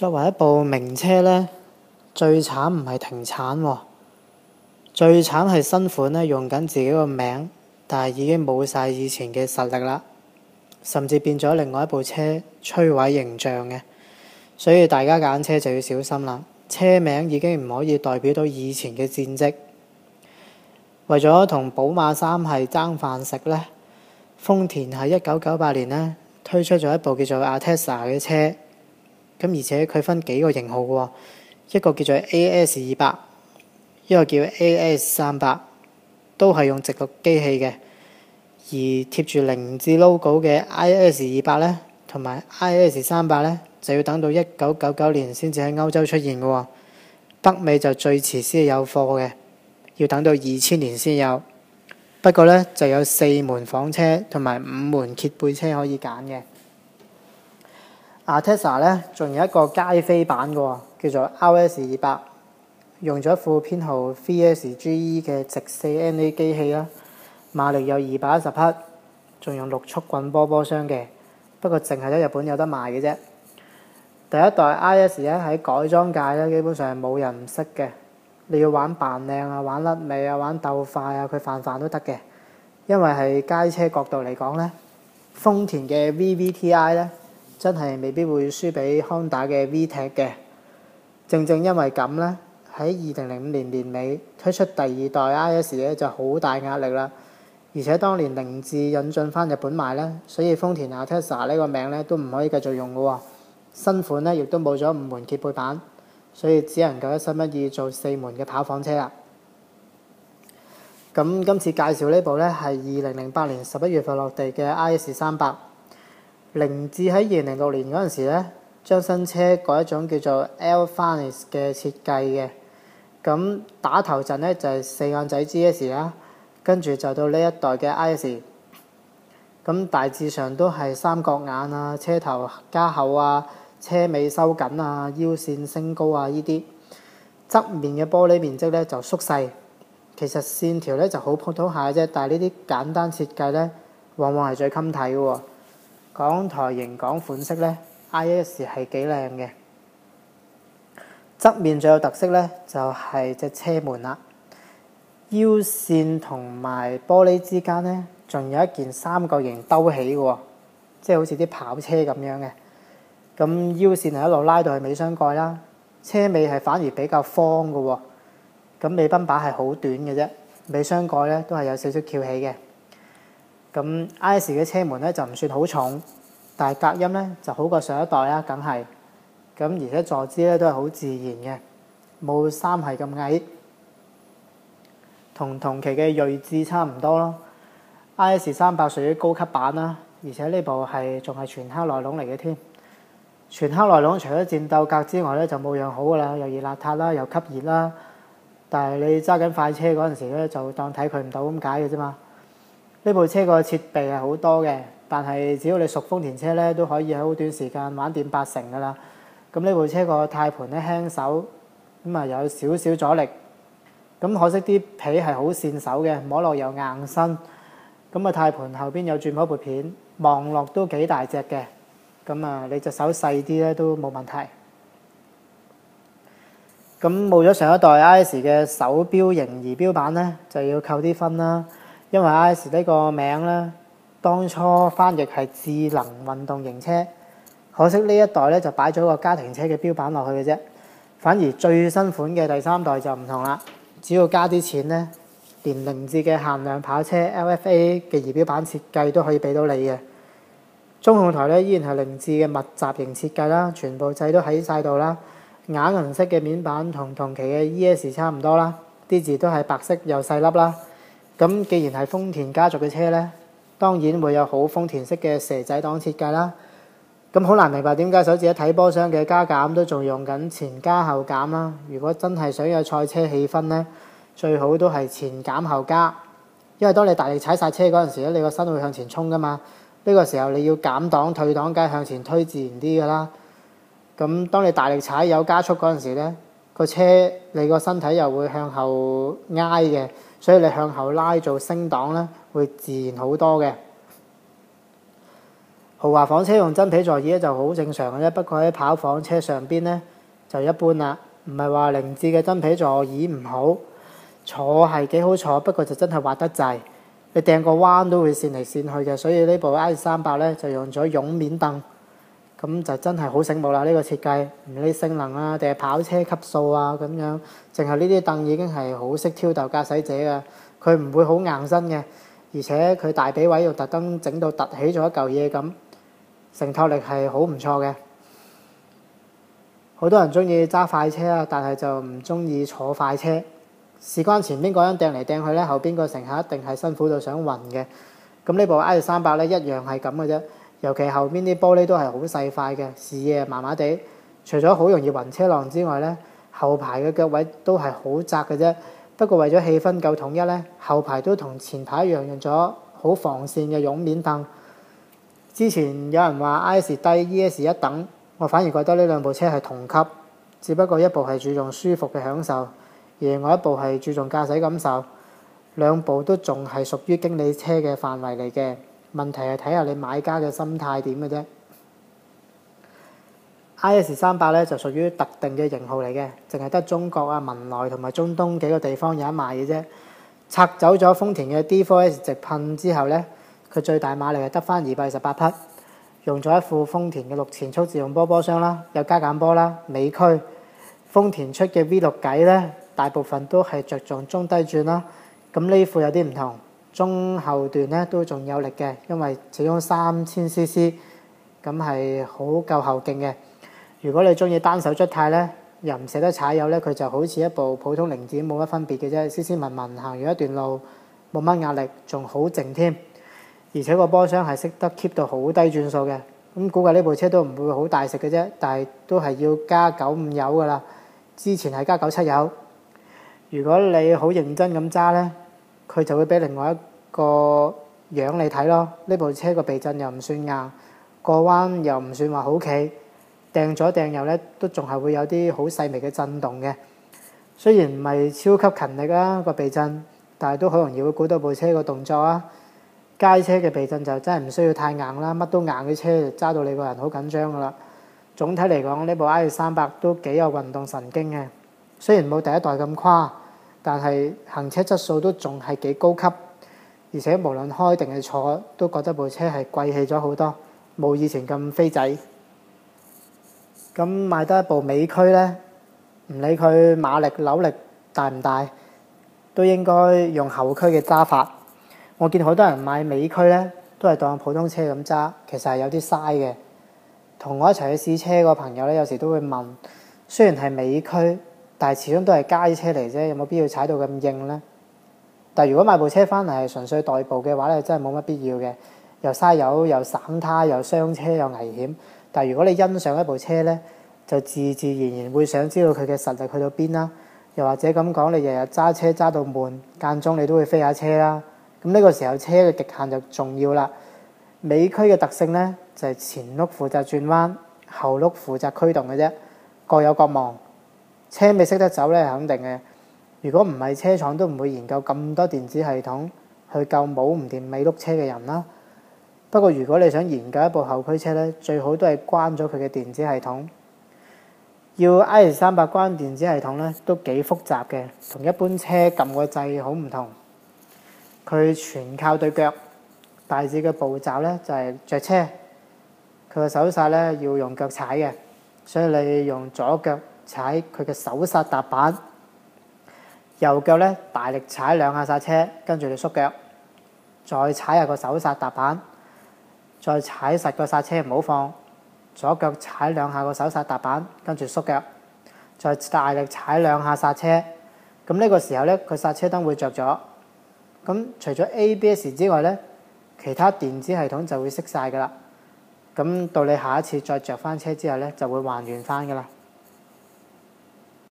作為一部名車呢，最慘唔係停產喎，最慘係新款呢用緊自己個名，但係已經冇晒以前嘅實力啦，甚至變咗另外一部車摧毀形象嘅，所以大家揀車就要小心啦。車名已經唔可以代表到以前嘅戰績，為咗同寶馬三系爭飯食呢，豐田喺一九九八年呢推出咗一部叫做 Altezza 嘅車。咁而且佢分幾個型號喎，一個叫做 AS 二百，一個叫 AS 三百，都係用直六機器嘅。而貼住零字 logo 嘅 IS 二百呢，同埋 IS 三百呢，就要等到一九九九年先至喺歐洲出現嘅喎，哦，北美就最遲先有貨嘅，要等到二千年先有。不過呢，就有四門房車同埋五門揭背車可以揀嘅。Altezza 咧，仲有一個街飛版嘅，叫做 RS 二百，200，用咗副編號 VSGE 嘅直四 NA 機器啦，馬力有二百一十匹，仲用六速滾波波箱嘅，不過淨係喺日本有得賣嘅啫。第一代 IS 咧喺改裝界咧，基本上係冇人唔識嘅。你要玩扮靚啊，玩甩尾啊，玩鬥快啊，佢凡凡都得嘅，因為係街車角度嚟講咧，豐田嘅 VVTI 咧。真係未必會輸俾康打嘅 VTEC 嘅。正正因為咁呢，喺二零零五年年尾推出第二代 IS 咧，就好大壓力啦。而且當年凌志引進翻日本賣呢，所以豐田 Altezza 呢個名呢都唔可以繼續用嘅喎、哦。新款呢亦都冇咗五門揭背版，所以只能夠一心一意做四門嘅跑房車啦。咁今次介紹呢部呢係二零零八年十一月份落地嘅 IS 三百。凌志喺二零零六年嗰陣時咧，將新車改一種叫做 L-Finesse 嘅設計嘅，咁打頭陣咧就係、是、四眼仔 GS 啦，跟住就到呢一代嘅 IS，咁大致上都係三角眼啊、車頭加厚啊、車尾收緊啊、腰線升高啊呢啲，側面嘅玻璃面積咧就縮細，其實線條咧就好普通下啫，但係呢啲簡單設計咧，往往係最襟睇嘅喎。講台型講款式咧，IS 係幾靚嘅。側面最有特色咧，就係、是、隻車門啦。腰線同埋玻璃之間咧，仲有一件三角形兜起嘅，即係好似啲跑車咁樣嘅。咁腰線係一路拉到去尾箱蓋啦。車尾係反而比較方嘅喎。咁尾賓把係好短嘅啫，尾箱蓋咧都係有少少翹起嘅。咁 I S 嘅車門咧就唔算好重，但係隔音咧就好過上一代啦、啊，梗係。咁而且坐姿咧都係好自然嘅，冇三系咁矮，同同期嘅銳志差唔多咯。I S 三百屬於高級版啦，而且呢部係仲係全黑內籠嚟嘅添。全黑內籠除咗戰鬥格之外咧就冇樣好噶啦，又易邋遢啦，又吸熱啦。但係你揸緊快車嗰陣時咧就當睇佢唔到咁解嘅啫嘛。呢部車個設備係好多嘅，但係只要你熟豐田車咧，都可以喺好短時間玩掂八成㗎喇。咁呢部車個軚盤咧輕手，咁啊又有少少阻力。咁可惜啲皮係好跣手嘅，摸落又硬身。咁啊，軚盤後邊有轉波撥片，望落都幾大隻嘅。咁啊，你隻手細啲咧都冇問題。咁冇咗上一代 IS 嘅手錶型儀錶板咧，就要扣啲分啦。因為 IS 呢個名咧，當初翻譯係智能運動型車，可惜呢一代咧就擺咗個家庭車嘅標板落去嘅啫。反而最新款嘅第三代就唔同啦，只要加啲錢咧，連凌志嘅限量跑車 LFA 嘅儀表板設計都可以俾到你嘅。中控台咧依然係凌志嘅密集型設計啦，全部掣都喺晒度啦。啞銀色嘅面板同同期嘅 ES 差唔多啦，啲字都係白色又細粒啦。咁既然係豐田家族嘅車咧，當然會有好豐田式嘅蛇仔檔設計啦。咁好難明白點解手指一睇波箱嘅加減都仲用緊前加後減啦？如果真係想有賽車氣氛咧，最好都係前減後加，因為當你大力踩剎車嗰陣時咧，你個身會向前衝噶嘛。呢個時候你要減檔退檔，梗係向前推自然啲噶啦。咁當你大力踩有加速嗰陣時咧。個車你個身體又會向後挨嘅，所以你向後拉做升檔咧，會自然好多嘅。豪華房車用真皮座椅咧就好正常嘅啫，不過喺跑房車上邊咧就一般啦，唔係話凌志嘅真皮座椅唔好，坐係幾好坐，不過就真係滑得滯。你掟個彎都會跣嚟跣去嘅，所以呢部 IS 三百咧就用咗絨面凳。咁就真係好醒目啦！呢個設計，唔理性能啊，定係跑車級數啊，咁樣，淨係呢啲凳已經係好識挑逗駕駛者嘅，佢唔會好硬身嘅，而且佢大髀位又特登整到凸起咗一嚿嘢咁，承托力係好唔錯嘅。好多人鍾意揸快車啊，但係就唔鍾意坐快車。事關前面嗰人掟嚟掟去咧，後邊個乘客一定係辛苦到想暈嘅。咁呢部 i 三百咧一樣係咁嘅啫。尤其後面啲玻璃都係好細塊嘅，視野麻麻地，除咗好容易暈車浪之外咧，後排嘅腳位都係好窄嘅啫。不過為咗氣氛夠統一咧，後排都同前排一樣用咗好防線嘅絨面凳。之前有人話 IS 低 ES 一等，我反而覺得呢兩部車係同級，只不過一部係注重舒服嘅享受，而另外一部係注重駕駛感受。兩部都仲係屬於經理車嘅範圍嚟嘅。問題係睇下你買家嘅心態點嘅啫。IS 300咧就屬於特定嘅型號嚟嘅，淨係得中國啊、文萊同埋中東幾個地方有得賣嘅啫。拆走咗豐田嘅 D 四 S 直噴之後咧，佢最大馬力係得返二百二十八匹。用咗一副豐田嘅六前速自動波波箱啦，有加減波啦，尾驅豐田出嘅 V 六計咧，大部分都係着重中低轉啦。咁呢副有啲唔同。中後段呢都仲有力嘅，因為始終三千 CC，咁係好夠後勁嘅。如果你鍾意單手出軚呢，又唔捨得踩油呢，佢就好似一部普通零件，冇乜分別嘅啫，斯斯文文行完一段路，冇乜壓力，仲好靜添。而且個波箱係識得 keep 到好低轉數嘅，咁估計呢部車都唔會好大食嘅啫，但係都係要加九五油㗎喇。之前係加九七油。如果你好認真咁揸呢。佢就會畀另外一個樣你睇咯，呢部車個避震又唔算硬，過彎又唔算話好企，掟左掟右咧都仲係會有啲好細微嘅震動嘅。雖然唔係超級勤力啦、啊、個避震，但係都好容易會估到部車個動作啊。街車嘅避震就真係唔需要太硬啦，乜都硬嘅車就揸到你個人好緊張噶啦。總體嚟講，呢部 I 三百都幾有運動神經嘅，雖然冇第一代咁誇。但係行車質素都仲係幾高級，而且無論開定係坐都覺得部車係貴氣咗好多，冇以前咁飛仔。咁買多一部尾驅咧，唔理佢馬力扭力大唔大，都應該用後驅嘅揸法。我見好多人買尾驅咧，都係當普通車咁揸，其實係有啲嘥嘅。同我一齊去試車個朋友咧，有時都會問，雖然係尾驅。但係始終都係街車嚟啫，有冇必要踩到咁硬咧？但係如果買部車返嚟係純粹代步嘅話咧，真係冇乜必要嘅，又嘥油又散胎又傷車又危險。但係如果你欣賞一部車咧，就自自然然會想知道佢嘅實力去到邊啦。又或者咁講，你日日揸車揸到悶，間中你都會飛下車啦。咁呢個時候車嘅極限就重要啦。尾驅嘅特性咧就係前轆負責轉彎，後轆負責驅動嘅啫，各有各忙。車未識得走咧，肯定嘅。如果唔係，車廠都唔會研究咁多電子系統去救冇唔掂尾轆車嘅人啦。不過如果你想研究一部後驅車咧，最好都係關咗佢嘅電子系統。要 IS300 關電子系統咧，都幾複雜嘅，同一般車撳個掣好唔同。佢全靠對腳，大致嘅步驟咧就係、是、着車，佢個手剎咧要用腳踩嘅，所以你用左腳。踩佢嘅手剎踏板，右腳咧大力踩兩下煞車，跟住你縮腳，再踩下個手剎踏板，再踩實個煞車唔好放。左腳踩兩下個手剎踏板，跟住縮腳，再大力踩兩下煞車。咁呢個時候咧，佢煞車燈會着咗。咁除咗 ABS 之外咧，其他電子系統就會熄晒㗎啦。咁到你下一次再着翻車之後咧，就會還原翻㗎啦。